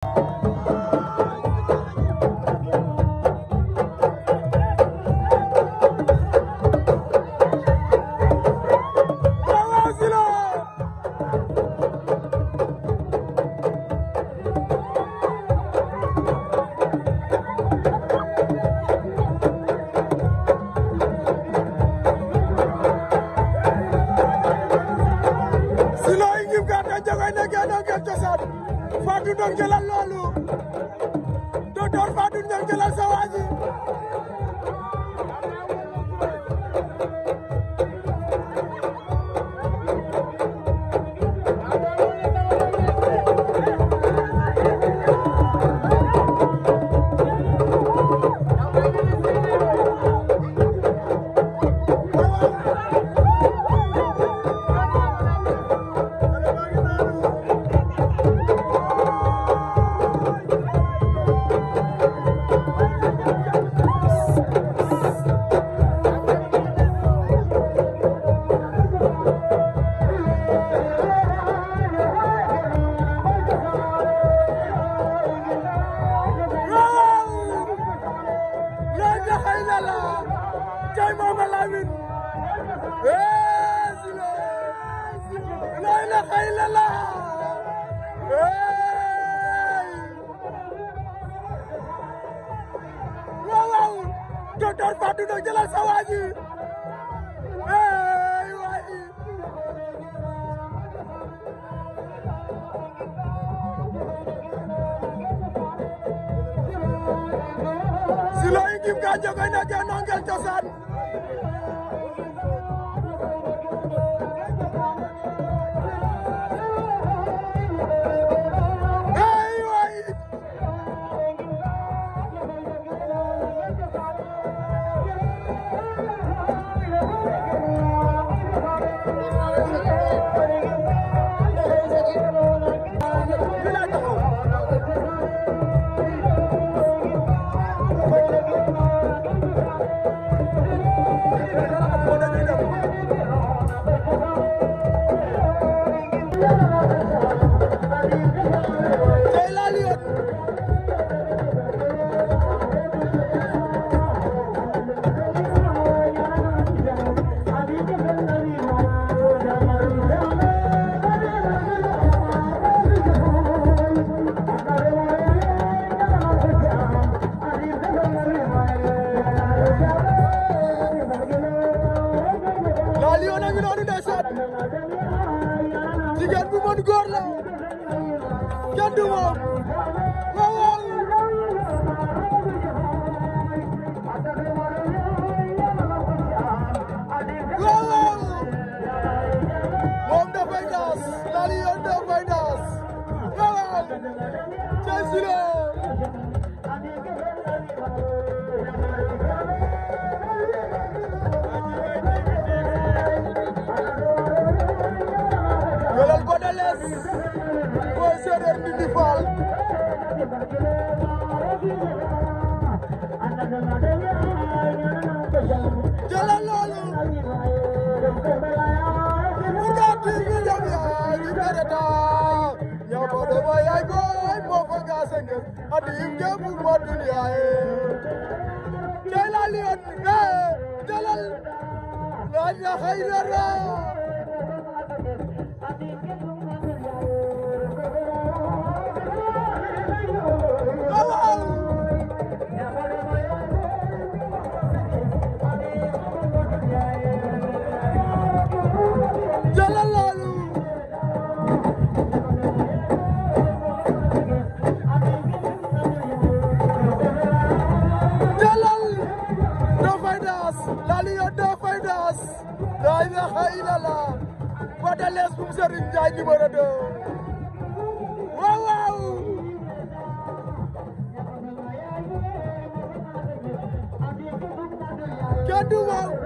Silo ingi gata jaga ina gana gata sab. Fatou doon jëlal loolu docteur Fatou doon jëlal sa docteur Fatou Ndao jëlal sa waa ji ey waa ji si looy jib ka jogoy na jee Leona Milano Desert. jigéen bu mën góor la kenn du moom Boy Séeréer Ndindy Fall jëlal loolu mu gàtti ñu jam yaay ñu kareta ñaw ko yaay booy moo fa gaase ngeen adi im jëbu ma duniya ye jëlal yoon ee jëlal laaj na xayra raa laa ilaaha illallah wata lees bu Serigne Ndiaye numéro 2 waaw waaw kenn du